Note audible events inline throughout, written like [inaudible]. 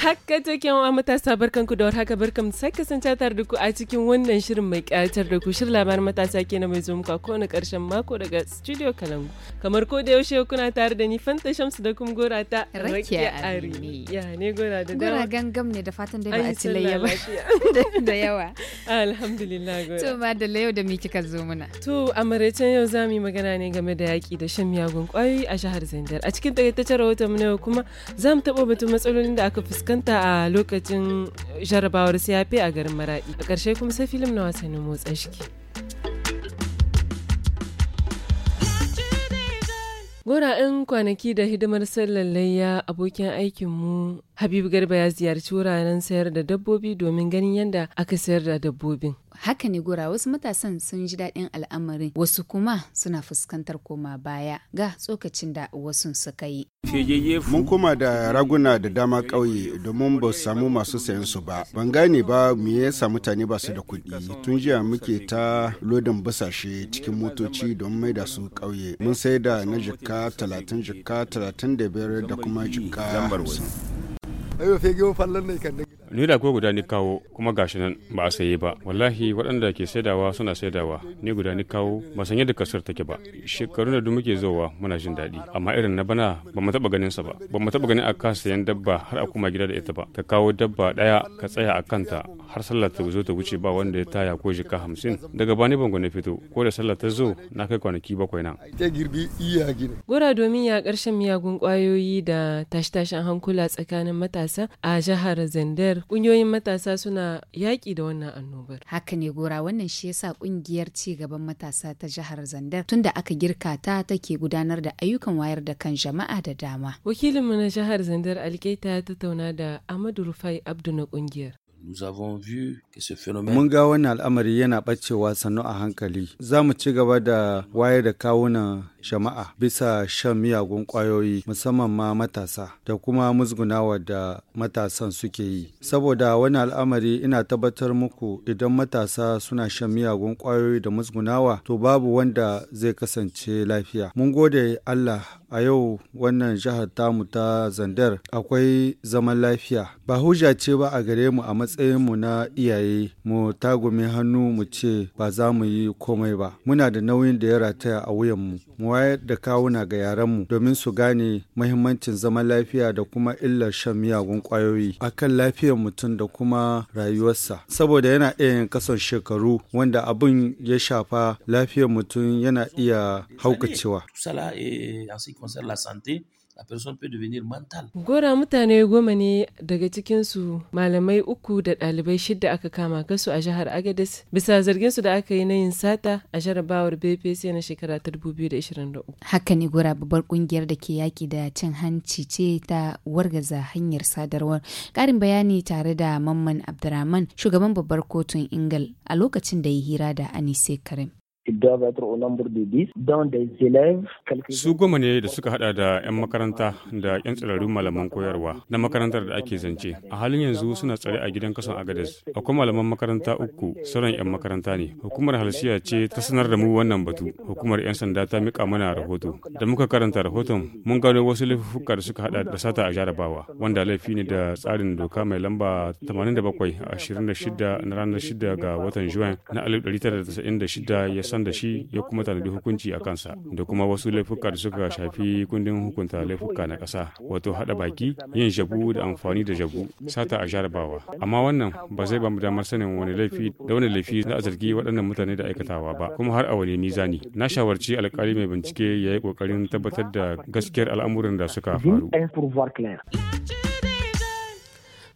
Haka take yawan matasa barkanku da warhaka barkan sai kasance tare da ku a cikin wannan shirin mai ƙayatar da ku shirin labarin matasa ke na mai zo muka kowane ƙarshen mako daga studio Kalangu. Kamar ko da yaushe kuna tare da ni Fanta Shamsu da kuma gora ta Rakiya Arimi. Ya ne gora da dawa. Gora gangam ne da fatan da ba a ci ya ba [laughs] da yawa. [laughs] Alhamdulillah gora. To ma da layo da me kika zo muna. To a maraicen yau za mu yi magana ne game da yaƙi da shan miyagun ƙwayoyi a shahar Zandar. A cikin takaitaccen rahoton mu na yau kuma za mu taɓa batun matsalolin da aka fuskanta fuskanta a lokacin jarabawar siyafi a garin Maradi. A ƙarshe kuma sai filim na wasannin motsa gora in kwanaki da hidimar sallar layya abokin aikinmu Habibu Garba ya ziyarci wuraren sayar da dabbobi domin ganin yadda aka sayar da dabbobin. haka ne gora wasu matasan sun ji daɗin al'amarin wasu kuma suna fuskantar koma baya ga tsokacin da wasu suka yi mun koma da raguna da dama ƙauye domin ba samu masu sayan su ba ban gane ba me yasa mutane ba su da kuɗi tun jiya muke ta lodin busashe cikin motoci don mai da su kauye. mun sai da na jikka talatin jikka talatin da biyar da kuma jikka ni da ko guda ni kawo kuma gashi nan ba a saye ba wallahi waɗanda ke saidawa suna saidawa ni guda ni kawo ba san yadda kasar take ba shekaru da muke zowa muna jin daɗi amma irin na bana ba mu taɓa ganin sa ba ba mu taɓa ganin a kan sayan dabba har a kuma gida da ita ba ka kawo dabba ɗaya ka tsaya a kanta har sallar ta zo ta wuce ba wanda ya taya ko jika hamsin daga bani bango na fito ko da sallar ta zo na kai kwanaki bakwai nan. gora domin ya ƙarshen miyagun kwayoyi da tashe-tashen hankula tsakanin matasa a jihar zandar kungiyoyin matasa suna yaƙi da wannan annobar. Haka ne gora wannan shi yasa kungiyar ci gaban matasa ta jihar Zandar tunda aka girka ta take gudanar da ayyukan wayar da kan jama'a da dama. Wakilinmu na jihar Zandar alkaita ya tattauna da Amadu Rufai Abdu na kungiyar. Mun ga wannan al'amari yana ɓacewa sannu a hankali. Za mu ci gaba da wayar da kawunan jama'a bisa shan miyagun kwayoyi musamman ma matasa da kuma musgunawa da matasan suke yi. Saboda wani al'amari ina tabbatar muku idan matasa suna shan miyagun kwayoyi da musgunawa to babu wanda zai kasance lafiya. Mun gode Allah a yau wannan jihar tamu ta Zandar akwai zaman lafiya. Ba hujja ce ba a gare mu a matsayin mu na iyaye mu tagumi hannu mu ce ba za mu yi komai ba. Muna da nauyin da ya rataya a wuyan Mu wayar da kawuna ga yaranmu domin su gane mahimmancin zaman lafiya da kuma illar shan miyagun kwayoyi akan lafiyar mutum da kuma rayuwarsa saboda yana iya yin kasan shekaru wanda abin ya shafa lafiyar mutum yana iya haukacewa a personne peut devenir mental. Gora mutane goma ne daga cikinsu malamai uku da ɗalibai shidda aka kama kasu a jihar Agadez bisa zargin su da aka yi na yin sata a jarabawar BPC na shekara ta 2023. Haka ne Gora babbar kungiyar da ke yaki da cin hanci ce ta wargaza hanyar sadarwar. Karin bayani tare da Mamman Abdurrahman shugaban babbar kotun Ingal a lokacin da ya hira da Anise Karim. Su goma ne da suka hada da 'yan makaranta da 'yan tsirarrun malaman koyarwa na makarantar da ake zance. A halin yanzu suna tsare a gidan kasan Agadez. Akwai malaman makaranta uku sauran 'yan makaranta ne. Hukumar halsiya ce ta sanar da mu wannan batu. Hukumar 'yan sanda ta mika mana rahoto. Da muka karanta rahoton mun gano wasu laifuka da suka hada da sata a jarabawa wanda laifi ne da tsarin doka mai lamba 87 26 na ranar 6 ga watan Juwan na 1996 ya kasan da shi ya kuma tanadi hukunci a kansa da kuma wasu laifuka da suka shafi kundin hukunta laifuka na ƙasa wato haɗa baki yin jabu da amfani da jabu sata a jarabawa amma wannan ba zai bamu damar sanin wani laifi da wani laifi na a zargi waɗannan mutane da aikatawa ba kuma har a wani mizani na shawarci alkali mai bincike ya yi ƙoƙarin tabbatar da gaskiyar al'amuran da suka faru.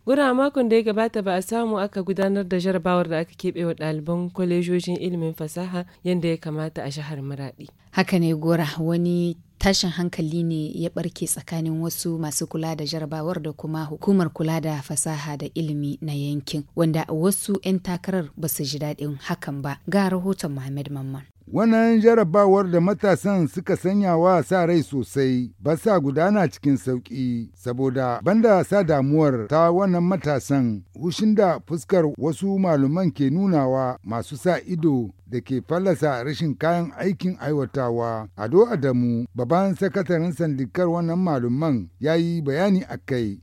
Gura makon da ya gabata ba a samu aka gudanar da jarabawar da aka keɓe wa ɗaliban kwalejojin ilimin fasaha yadda ya kamata a shahar muraɗi Haka ne Gora wani tashin hankali ne ya barke tsakanin wasu masu kula da jarabawar da kuma hukumar kula da fasaha da ilimi na yankin wanda wasu 'yan takarar ba su ji daɗin hakan ba ga rahoton Muhammad Mamman. Wannan jarabawar da matasan suka sanya wa sa rai sosai ba sa gudana cikin sauƙi saboda banda sa damuwar ta wannan matasan hushin da fuskar wasu malaman ke nunawa masu sa ido da ke fallasa rashin kayan aikin aiwatawa. Ado Adamu, babban sakataren sandikar wannan malaman ya yi bayani a kai.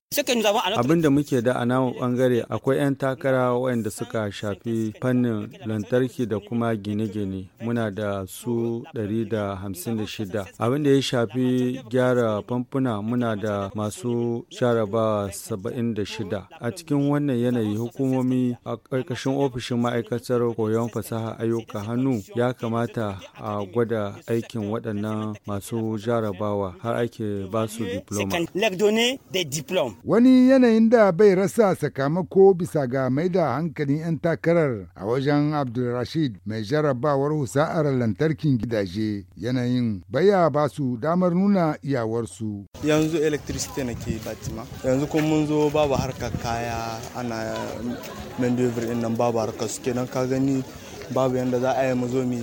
Abin da muke da a namun bangare akwai 'yan takara waɗanda suka shafi fannin lantarki da kuma gine-gine. Muna da su 156. Abin da ya shafi gyara famfuna muna da masu sharaba 76. A cikin wannan yanayi hukumomi a ƙarƙashin ofishin ma'aikatar koyon fasaha ayyuka hannu ya kamata a gwada aikin waɗannan masu jarabawa har ake ba su diploma. Wani yanayin da bai rasa sakamako bisa ga mai da hankalin 'yan takarar a wajen Abdulrashid mai jarabawar husa'ar lantarkin gidaje yanayin baya ba su damar nuna iyawarsu. Yanzu electricity ke batima Yanzu kuma mun zo babu harkar kaya ana mandover nan babu harkar suke nan ka gani babu yadda za a yi mu zo mu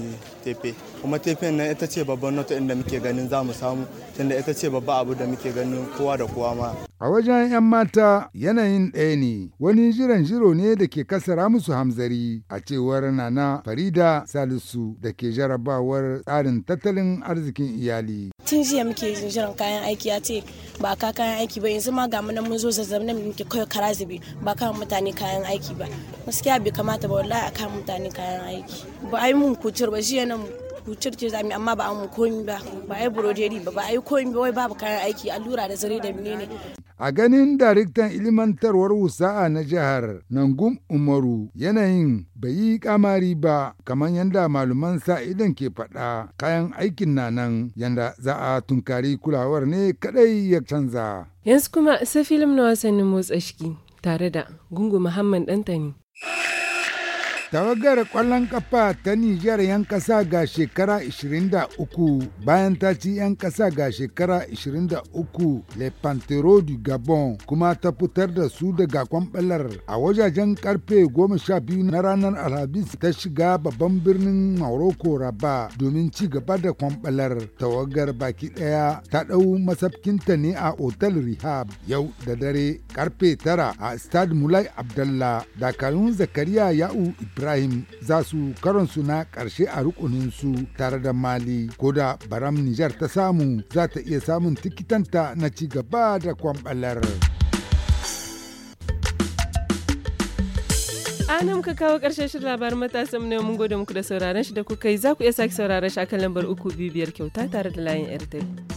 tefe kuma tefen nan ita ce babban nota inda muke ganin za mu samu tunda ita ce babba abu da muke ganin kowa da kowa ma a wajen 'yan mata yanayin ɗaya ne wani jiran jiro ne da ke kasara musu hamzari a cewar nana farida salisu da ke jarabawar tsarin tattalin arzikin iyali tun jiya muke jiran kayan aiki ya ce ba ka kayan aiki ba yanzu ma ga mu nan mun zo zazzabi nan muke kai kara zube ba kan mutane kayan aiki ba gaskiya bai kamata ba wallahi a kan mutane kayan aiki ba ai mun kucir ba jiya na. nan ce zami amma ba mu komi ba ba ai buroderi ba ba ai komi ba wai babu kayan aiki allura da zare da menene a ganin daraktan ilimantarwar wusa'a na jihar nangum umaru yanayin bai yi kamari ba kamar yadda maluman sa idan ke faɗa kayan aikin na nan yadda za a tunkari kulawar ne kadai ya canza yanzu kuma sai filim na wasannin motsa shiki tare da gungu muhammad dantani tawagar kwallon kafa ta Nijar 'yan ƙasa ga shekara 23 bayan ta ci 'yan ƙasa ga shekara 23 Le Pantero du Gabon kuma ta fitar da su daga kwamɓalar a wajajen karfe 12 na ranar Alhamis ta shiga babban birnin Morocco raba domin ci gaba da kwamɓalar tawagar baki ɗaya ta ɗau masafkinta ne a otal Rehab yau da dare karfe 9 a Stade Mulai Abdallah dakarun Zakariya Ya'u Ibrahim za su karonsu na ƙarshe a rukuninsu tare da Mali ko da Baram Nijar ta samu za ta iya samun tikitanta na ci gaba da kwamɓalar. anan muka kawo ƙarshen shirin labarin matasan ne mun gode muku da sauraron shi da kuka yi za ku iya sake sauraron shi akan lambar uku biyu biyar kyauta tare da layin airtel.